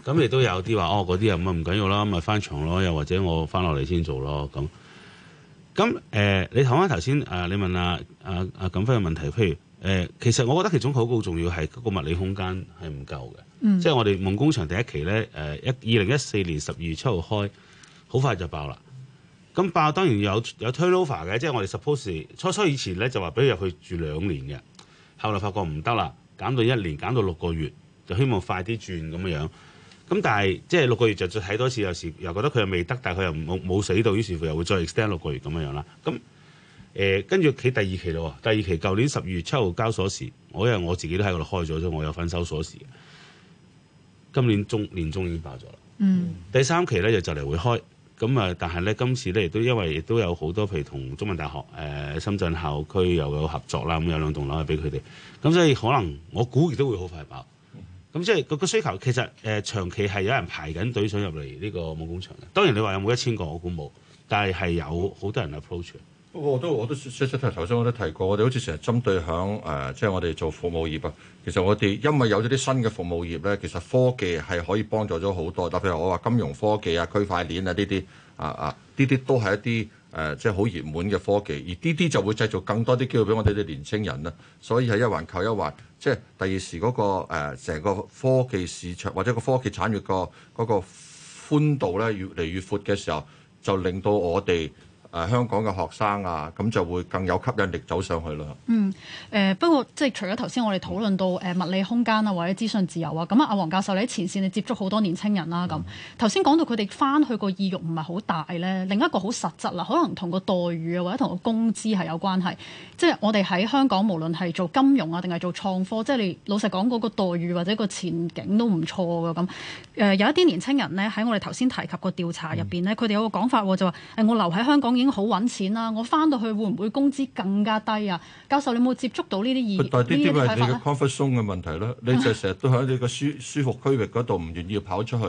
咁亦都有啲話，哦，嗰啲咁唔唔緊要啦，咪翻場咯，又或者我翻落嚟先做咯咁。咁誒、呃，你睇翻頭先，誒、呃，你問啊，啊啊錦輝嘅問題，譬如誒、呃，其實我覺得其中好好重要係嗰個物理空間係唔夠嘅，嗯、即係我哋夢工場第一期咧，誒、一二零一四年十二月七號開，好快就爆啦。咁爆，當然有有推 turnover 嘅，即係我哋 suppose 初初以前咧就話俾入去住兩年嘅，後來發覺唔得啦，減到一年，減到六個月，就希望快啲轉咁嘅樣。咁但係即係六個月就再睇多次，有時又覺得佢又未得，但係佢又冇冇死到，於是乎又會再 extend 六個月咁樣啦。咁誒跟住企第二期咯，第二期舊年十二月七號交鎖匙，我因為我自己都喺嗰度開咗，啫，我有分收鎖匙。今年中年中已經爆咗啦。嗯，第三期咧就就嚟會開。咁啊！但係咧，今次咧亦都因為亦都有好多，譬如同中文大學誒、呃、深圳校區又有合作啦，咁、嗯、有兩棟樓係俾佢哋。咁所以可能我估亦都會好快爆。咁即係個需求其實誒、呃、長期係有人排緊隊想入嚟呢個夢工場嘅。當然你話有冇一千個，我估冇，但係係有好多人 approach。我都我都頭先我都提過，我哋好似成日針對響誒，即係我哋做服務業啊。其實我哋因為有咗啲新嘅服務業咧，其實科技係可以幫助咗好多。例如我話金融科技啊、區塊鏈啊呢啲啊啊，呢啲都係一啲誒，即係好熱門嘅科技。而呢啲就會製造更多啲機會俾我哋啲年青人啦。所以係一環扣一環，即係第二時嗰個成個科技市場或者個科技產業個嗰個寬度咧越嚟越闊嘅時候，就令到我哋。誒、啊、香港嘅學生啊，咁就會更有吸引力走上去啦。嗯，誒、呃、不過即係除咗頭先我哋討論到誒、呃、物理空間啊，或者資訊自由啊，咁啊阿黃教授你喺前線你接觸好多年青人啦、啊，咁頭先講到佢哋翻去個意欲唔係好大咧，另一個好實質啦、啊，可能同個待遇啊或者同個工資係有關係。即係我哋喺香港無論係做金融啊定係做創科，即係你老實講嗰個待遇或者個前景都唔錯㗎咁。誒、呃、有一啲年青人咧喺我哋頭先提及個調查入邊咧，佢哋、嗯、有個講法、啊、就話、哎、我留喺香港已經。好揾錢啊，我翻到去會唔會工資更加低啊？教授，你有冇接觸到呢啲意呢啲睇法，但係呢啲係你嘅 comfort zone 嘅問題咧？ 你就成日都喺你嘅舒舒服區域嗰度，唔願意跑出去，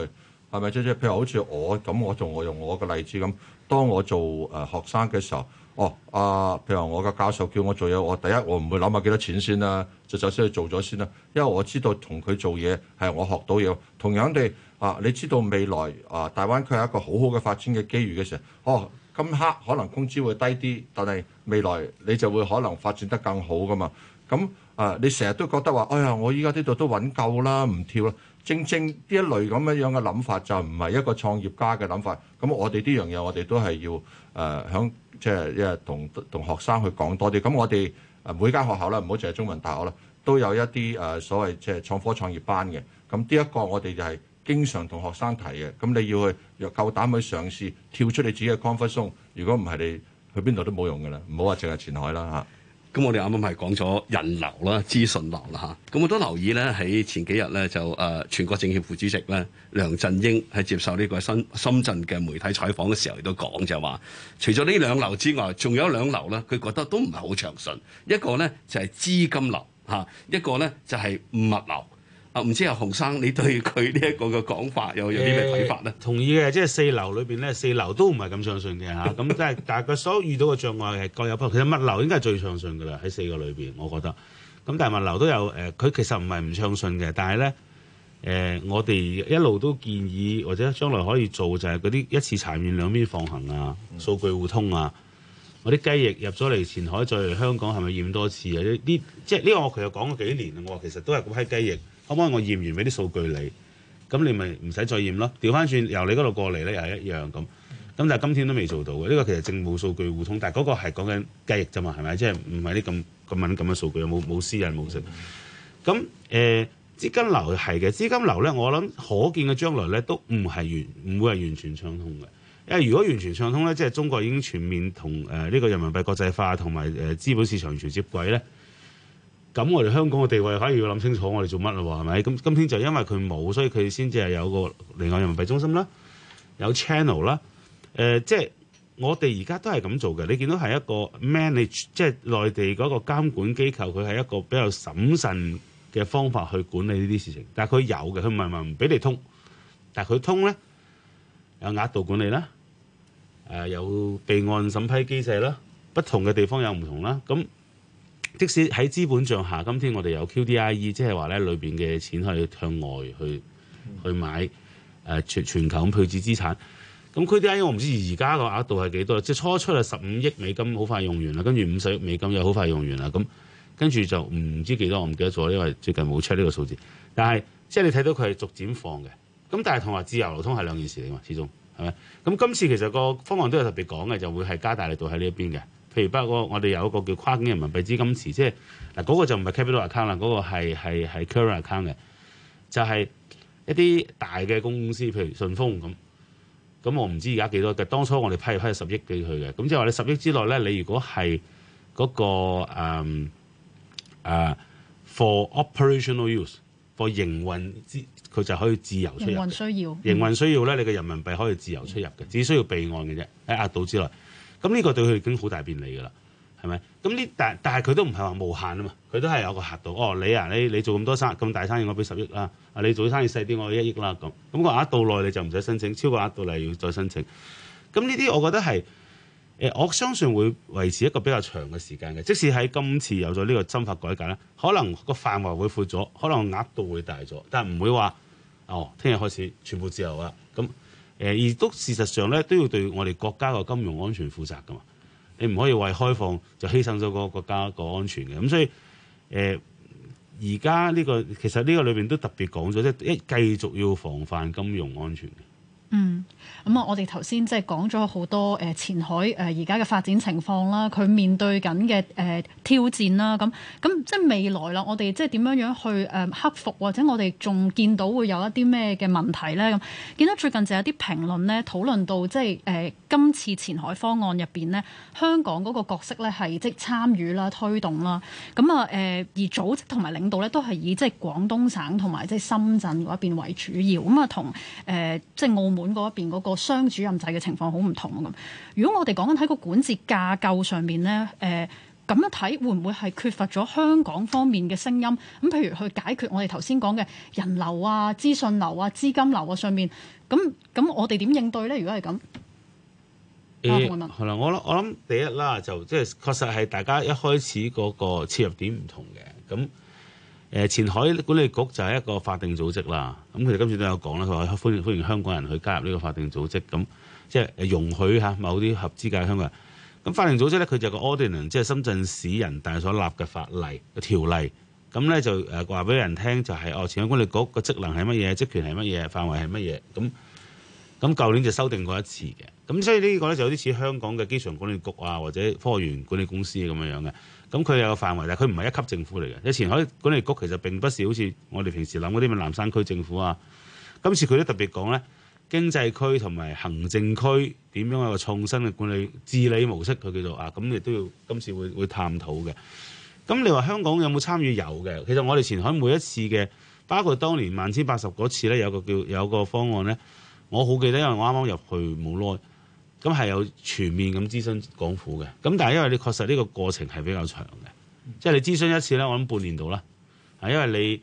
係咪即係譬如好似我咁，我仲我用我嘅例子咁，當我做誒學生嘅時候，哦，啊，譬如我嘅教授叫我做嘢，我第一我唔會諗下幾多錢先啦、啊，就首先去做咗先啦、啊，因為我知道同佢做嘢係我學到嘢。同樣地啊，你知道未來啊，大灣區係一個好好嘅發展嘅機遇嘅時候，哦、啊。今刻可能工資會低啲，但係未來你就會可能發展得更好噶嘛。咁啊，你成日都覺得話，哎呀，我依家呢度都揾夠啦，唔跳啦。正正呢一類咁樣樣嘅諗法就唔係一個創業家嘅諗法。咁我哋呢樣嘢，我哋都係要誒響即係一同同學生去講多啲。咁我哋每間學校啦，唔好淨係中文大學啦，都有一啲誒、呃、所謂即係創科創業班嘅。咁呢一個我哋就係、是。經常同學生提嘅，咁你要去若夠膽去嘗試，跳出你自己嘅 comfort zone。如果唔係，你去邊度都冇用㗎啦。唔好話淨係前海啦嚇。咁我哋啱啱係講咗人流啦、資訊流啦嚇。咁我都留意咧喺前幾日咧就誒、呃、全國政協副主席咧梁振英喺接受呢個深深圳嘅媒體採訪嘅時候，亦都講就話，除咗呢兩流之外，仲有兩流咧，佢覺得都唔係好暢順。一個咧就係、是、資金流嚇，一個咧就係、是、物流。啊，唔知阿洪生，你對佢呢一個嘅講法又有啲咩睇法咧？同意嘅，即、就、係、是、四流裏邊咧，四流都唔係咁暢順嘅嚇。咁即係，但係佢所遇到嘅障礙係各有不同。其實物流應該係最暢順嘅啦，喺四個裏邊，我覺得。咁但係物流都有誒，佢、呃、其實唔係唔暢順嘅，但係咧誒，我哋一路都建議或者將來可以做就係嗰啲一次查驗兩邊放行啊，數據互通啊。嗰啲、嗯啊、雞翼入咗嚟前海再嚟香港，係咪驗多次啊？呢即係呢、呢個我其實講咗幾年啦。我其實都係批雞翼。可唔可以我驗完俾啲數據你，咁你咪唔使再驗咯。調翻轉由你嗰度過嚟咧又係一樣咁，咁但係今天都未做到嘅。呢個其實政府數據互通，但係嗰個係講緊雞翼啫嘛，係咪？即係唔係啲咁咁敏感嘅數據有冇冇私人冇剩。咁誒資金流係嘅，資金流咧我諗可見嘅將來咧都唔係完，唔會係完全暢通嘅。因為如果完全暢通咧，即係中國已經全面同誒呢個人民幣國際化同埋誒資本市場完全接軌咧。咁我哋香港嘅地位反而要諗清楚，我哋做乜啦喎？係咪？咁今天就因為佢冇，所以佢先至係有個離岸人民幣中心啦，有 channel 啦。誒，即係我哋而家都係咁做嘅。你見到係一個 manage，即係內地嗰個監管機構，佢係一個比較審慎嘅方法去管理呢啲事情。但係佢有嘅，佢唔係話唔俾你通，但係佢通咧有額度管理啦，誒有備案審批機制啦，不同嘅地方有唔同啦。咁即使喺資本帳下，今天我哋有 QDIE，即係話咧裏邊嘅錢可以向外去去買誒、呃、全全球咁配置資產。咁 QDIE 我唔知而家個額度係幾多，即係初出係十五億美金，好快用完啦，跟住五十億美金又好快用完啦，咁跟住就唔知幾多，我唔記得咗，因為最近冇 check 呢個數字。但係即係你睇到佢係逐漸放嘅，咁但係同話自由流通係兩件事嚟嘛，始終係咪？咁今次其實個方案都有特別講嘅，就會係加大力度喺呢一邊嘅。譬如不過，我我哋有一個叫跨境人民幣資金池，即係嗱嗰個就唔係 capital account 啦，嗰、嗰個係係 current account 嘅，就係、係、一啲大嘅公司，譬如順豐咁，咁我唔知而家幾多，嘅，係當初我哋批批十億俾佢嘅，咁即係話你十億之內咧，你如果係嗰、嗰個誒、um, uh, for operational use for 營運之，佢就可以自由出入嘅。營運需要，營運需要咧，你嘅人民幣可以自由出入嘅，嗯、只需要備案嘅啫，喺額度之內。咁呢個對佢已經好大便利㗎啦，係咪？咁呢，但但係佢都唔係話無限啊嘛，佢都係有個額度。哦，你啊，你你做咁多生咁大生意，我俾十億啦。啊，你做啲生意細啲，我俾一億啦。咁，咁個額度內你就唔使申請，超過額度內要再申請。咁呢啲，我覺得係誒，我相信會維持一個比較長嘅時間嘅。即使喺今次有咗呢個針法改革咧，可能個範圍會闊咗，可能額度會大咗，但係唔會話哦，聽日開始全部自由啦。誒而都事實上咧，都要對我哋國家個金融安全負責噶嘛，你唔可以為開放就犧牲咗個國家個安全嘅。咁所以誒而家呢個其實呢個裏面都特別講咗，即係一繼續要防範金融安全。嗯，咁、嗯、啊，我哋頭先即係講咗好多誒前海誒而家嘅發展情況啦，佢面對緊嘅誒挑戰啦，咁、嗯、咁即係未來啦，我哋即係點樣樣去誒克服，或者我哋仲見到會有一啲咩嘅問題咧？咁見到最近就有啲評論咧討論到即係誒、呃、今次前海方案入邊咧，香港嗰個角色咧係即係參與啦、推動啦，咁啊誒而組織同埋領導咧都係以即係廣東省同埋即係深圳嗰一邊為主要，咁啊同誒即係澳門。本嗰邊嗰個雙主任制嘅情況好唔同咁，如果我哋講緊喺個管治架構上面咧，誒、呃、咁樣睇會唔會係缺乏咗香港方面嘅聲音？咁譬如去解決我哋頭先講嘅人流啊、資訊流啊、資金流啊上面，咁咁我哋點應對咧？如果係咁，誒、呃，係啦、啊，我諗我諗第一啦，就即係確實係大家一開始嗰個切入點唔同嘅，咁。誒前海管理局就係一個法定組織啦，咁佢哋今次都有講啦，佢話歡迎迎香港人去加入呢個法定組織，咁即係容許嚇某啲合資格香港人。咁法定組織呢，佢就個 Ordinance，即係深圳市人大所立嘅法例、條例，咁呢就誒話俾人聽就係哦，前海管理局個職能係乜嘢、職權係乜嘢、範圍係乜嘢，咁。咁舊年就修訂過一次嘅，咁所以呢個咧就有啲似香港嘅機場管理局啊，或者科學園管理公司咁樣嘅。咁佢有個範圍，但係佢唔係一級政府嚟嘅。你前海管理局其實並不是好似我哋平時諗嗰啲咁南山區政府啊。今次佢都特別講咧，經濟區同埋行政區點樣一個創新嘅管理治理模式，佢叫做啊，咁亦都要今次會會探討嘅。咁你話香港有冇參與？有嘅？其實我哋前海每一次嘅，包括當年萬千八十嗰次咧，有個叫有個方案咧。我好記得，因為我啱啱入去冇耐，咁係有全面咁諮詢港府嘅。咁但係因為你確實呢個過程係比較長嘅，即係你諮詢一次咧，我諗半年度啦。係因為你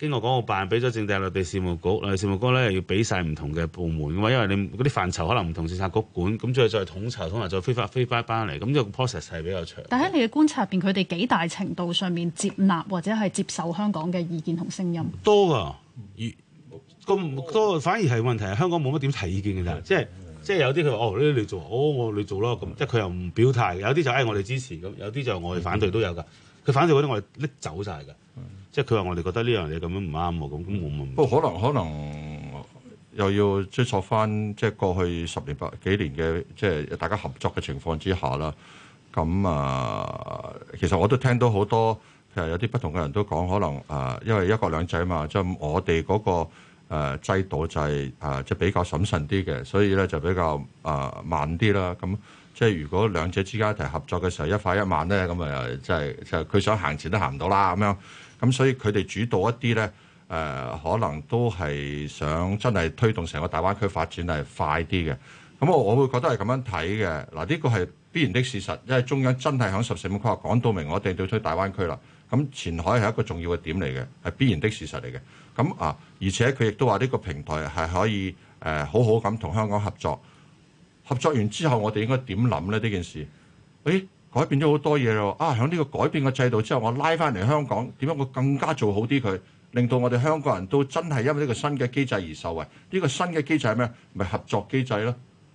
經過港澳辦，俾咗政制及內地事務局，內地事務局咧又要俾晒唔同嘅部門，因為你嗰啲範疇可能唔同政策局管，咁再再統籌，同埋再飛翻、飛翻翻嚟，咁呢個 process 係比較長。但喺你嘅觀察入邊，佢哋幾大程度上面接納或者係接受香港嘅意見同聲音？多㗎，嗯咁多反而係問題，香港冇乜點提意見㗎咋。即係即係有啲佢話哦呢啲你做，哦我你做咯咁，即係佢又唔表態。有啲就誒我哋支持咁，有啲就我哋反對都有㗎。佢反對嗰啲我哋拎走晒㗎，即係佢話我哋覺得呢、嗯、樣嘢咁樣唔啱喎，咁咁我唔。不過可能可能又要追溯返即係過去十年百幾年嘅即係大家合作嘅情況之下啦。咁啊、呃，其實我都聽到好多譬如有啲不同嘅人都講，可能啊、呃、因為一國兩制嘛，即、就、係、是、我哋嗰、那個。誒、呃、制度就係、是、即、呃就是、比較審慎啲嘅，所以咧就比較、呃、慢啲啦。咁即係如果兩者之間一齊合作嘅時候，一快一慢咧，咁誒即係就佢想行前都行唔到啦。咁樣咁，所以佢哋主導一啲咧、呃、可能都係想真係推動成個大灣區發展係快啲嘅。咁我我會覺得係咁樣睇嘅嗱，呢個係必然的事實，因為中央真係響十四五規劃講到明，我哋要推大灣區啦。咁前海係一個重要嘅點嚟嘅，係必然的事實嚟嘅。咁啊。而且佢亦都話呢個平台係可以誒好好咁同香港合作，合作完之後我哋應該點諗咧？呢件事，誒、哎、改變咗好多嘢咯。啊，喺呢個改變嘅制度之後，我拉翻嚟香港，點樣我會更加做好啲佢，令到我哋香港人都真係因為呢個新嘅機制而受惠。呢、這個新嘅機制係咩？咪、就是、合作機制咯。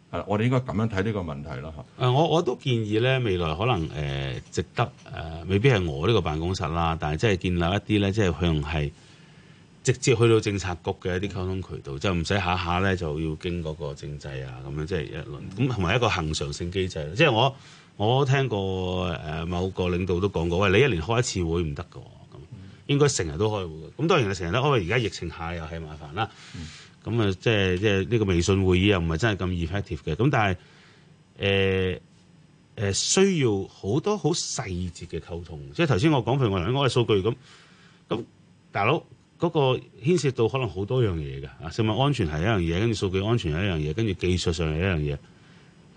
係啦，我哋應該咁樣睇呢個問題咯。嚇、啊，誒我我都建議咧，未來可能誒、呃、值得誒、呃，未必係我呢個辦公室啦，但係即係建立一啲咧，即、就、係、是、向係。直接去到政策局嘅一啲溝通渠道，嗯、就唔使下下咧就要經嗰個政制啊咁樣，即係一輪咁，同埋、嗯、一個恒常性機制。即係我我聽過誒某個領導都講過，喂，你一年開一次會唔得嘅，咁、嗯、應該成日都開會。咁當然係成日都開會，而家疫情下又係麻煩啦。咁啊、嗯，即係即係呢個微信會議又唔係真係咁 effective 嘅。咁但係誒誒需要好多好細節嘅溝通。即係頭先我講譬如我講嗰個我數據咁，咁大佬。嗰個牽涉到可能好多樣嘢㗎，啊食物安全係一樣嘢，跟住數據安全係一樣嘢，跟住技術上係一樣嘢。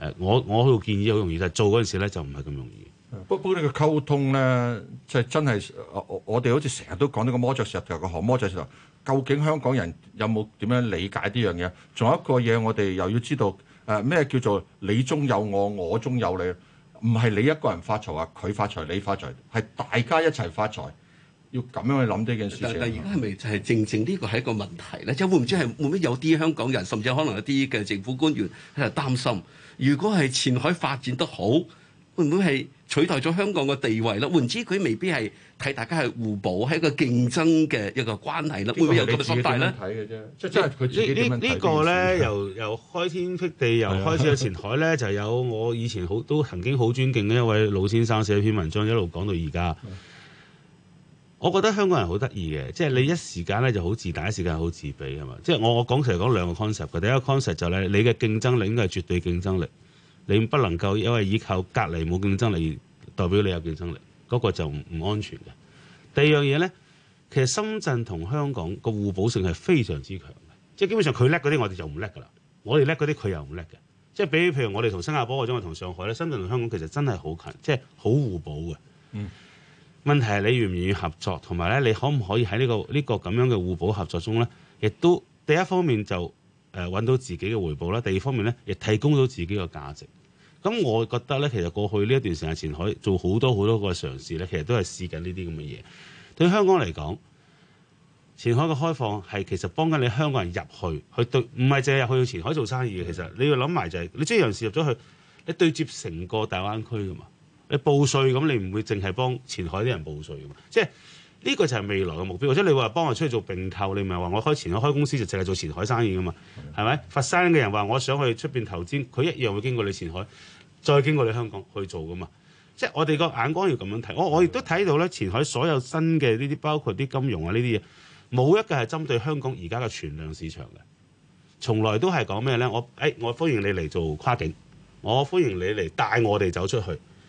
誒，我我喺度建議好容易，但係做嗰陣時咧就唔係咁容易。嗯、不不過呢個溝通咧，即、就、係、是、真係我哋好似成日都講呢個摸着石頭過河摸着石頭，究竟香港人有冇點樣理解呢樣嘢？仲有一個嘢，我哋又要知道誒咩、呃、叫做你中有我，我中有你，唔係你一個人發財啊，佢發財你發財，係大家一齊發財。要咁樣去諗呢件事情。但係而家係咪就係正正呢個係一個問題咧？即係會唔知係會唔會有啲香港人，甚至可能有啲嘅政府官員喺度擔心，如果係前海發展得好，會唔會係取代咗香港嘅地位咧？換之佢未必係睇大家係互補，係一個競爭嘅一個關係咧。會唔會有咁嘅諗法咧？睇嘅啫，即係是即係佢這呢呢呢個咧，由由開天闢地，由開始咗前海咧， 就有我以前好都曾經好尊敬嘅一位老先生寫的一篇文章，一路講到而家。 我覺得香港人好得意嘅，即係你一時間咧就好自大，一時間好自卑啊嘛！即係我我講嚟講兩個 concept 嘅，第一 concept 就咧，你嘅競爭力應該係絕對競爭力，你不能夠因為依靠隔離冇競爭力代表你有競爭力，嗰個就唔安全嘅。第二樣嘢咧，其實深圳同香港個互補性係非常之強嘅，即係基本上佢叻嗰啲我哋就唔叻噶啦，我哋叻嗰啲佢又唔叻嘅。即係比譬如我哋同新加坡或者我同上海咧，深圳同香港其實真係好近，即係好互補嘅。嗯。問題係你願唔願意合作，同埋咧你可唔可以喺呢個呢個咁樣嘅互補合作中咧，亦都第一方面就誒揾到自己嘅回報啦，第二方面咧亦提供到自己嘅價值。咁我覺得咧，其實過去呢一段時間前海做好多好多個嘗試咧，其實都係試緊呢啲咁嘅嘢。對香港嚟講，前海嘅開放係其實幫緊你香港人入去去對，唔係淨係入去前海做生意嘅。其實你要諗埋就係你啲人入咗去，你對接成個大灣區噶嘛。你報稅咁，你唔會淨係幫前海啲人報稅噶嘛？即係呢、這個就係未來嘅目標。或者你話幫我出去做並購，你唔係話我開前海開公司就淨係做前海生意噶嘛？係咪？嗯、佛山嘅人話我想去出面投資，佢一樣會經過你前海，再經過你香港去做噶嘛？即係我哋個眼光要咁樣睇。我我亦都睇到咧，嗯、前海所有新嘅呢啲，包括啲金融啊呢啲嘢，冇一個係針對香港而家嘅存量市場嘅。從來都係講咩呢？我、哎、我歡迎你嚟做跨境，我歡迎你嚟帶我哋走出去。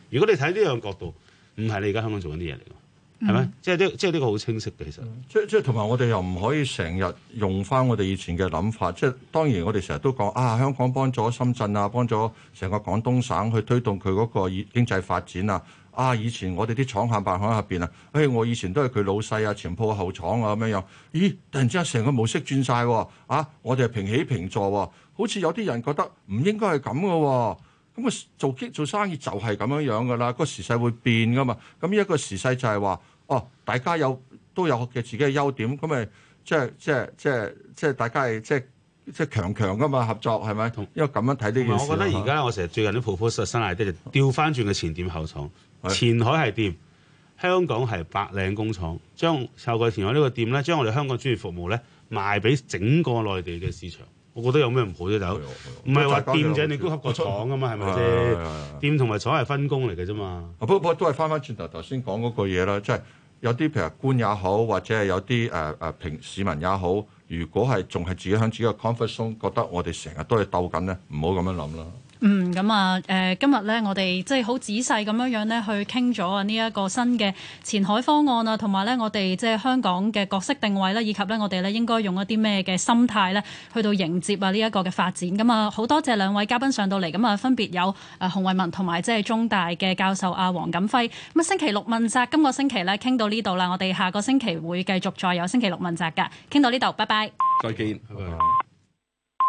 如果你睇呢樣角度，唔係你而家香港做緊啲嘢嚟㗎，係咪、嗯？即係呢，即係呢個好清晰嘅其實。即即係同埋我哋又唔可以成日用翻我哋以前嘅諗法。即係當然我哋成日都講啊，香港幫咗深圳啊，幫咗成個廣東省去推動佢嗰個經濟發展啊。啊，以前我哋啲廠行辦喺入邊啊，誒、哎，我以前都係佢老細啊，前鋪後廠啊咁樣樣。咦，突然之間成個模式轉晒喎，啊，我哋係平起平坐喎，好似有啲人覺得唔應該係咁嘅喎。咁啊，做做生意就係咁樣樣噶啦，個時勢會變噶嘛。咁一個時勢就係話，哦，大家有都有佢自己嘅優點，咁咪即係即係即係即係大家係即即強強噶嘛合作係咪？因為咁樣睇呢件事。我覺得而家吧我成日最近啲鋪鋪實身矮啲，就調翻轉嘅前店後廠，是的前海係店，香港係白領工廠，將後蓋前海呢個店咧，將我哋香港專業服務咧賣俾整個內地嘅市場。我覺得有咩唔好啫，就是，大佬，唔係話店仔你高級過廠啊嘛？係咪先？是是店同埋廠係分工嚟嘅啫嘛。不過不過都係翻翻轉頭頭先講嗰句嘢啦，即係、就是、有啲譬如官也好，或者係有啲誒誒平市民也好，如果係仲係自己響自己嘅 comfort zone，覺得我哋成日都係鬥緊咧，唔好咁樣諗啦。嗯，咁、嗯、啊，今日咧，我哋即係好仔細咁樣樣咧，去傾咗啊呢一個新嘅前海方案啊，同埋咧，我哋即係香港嘅角色定位啦，以及咧，我哋咧應該用一啲咩嘅心態咧，去到迎接啊呢一個嘅發展。咁、嗯、啊，好多謝兩位嘉賓上到嚟，咁啊，分別有啊洪為民同埋即係中大嘅教授啊黃錦輝。咁啊，星期六問責，今個星期咧傾到呢度啦，我哋下個星期會繼續再有星期六問責噶。傾到呢度，拜拜。再見拜拜。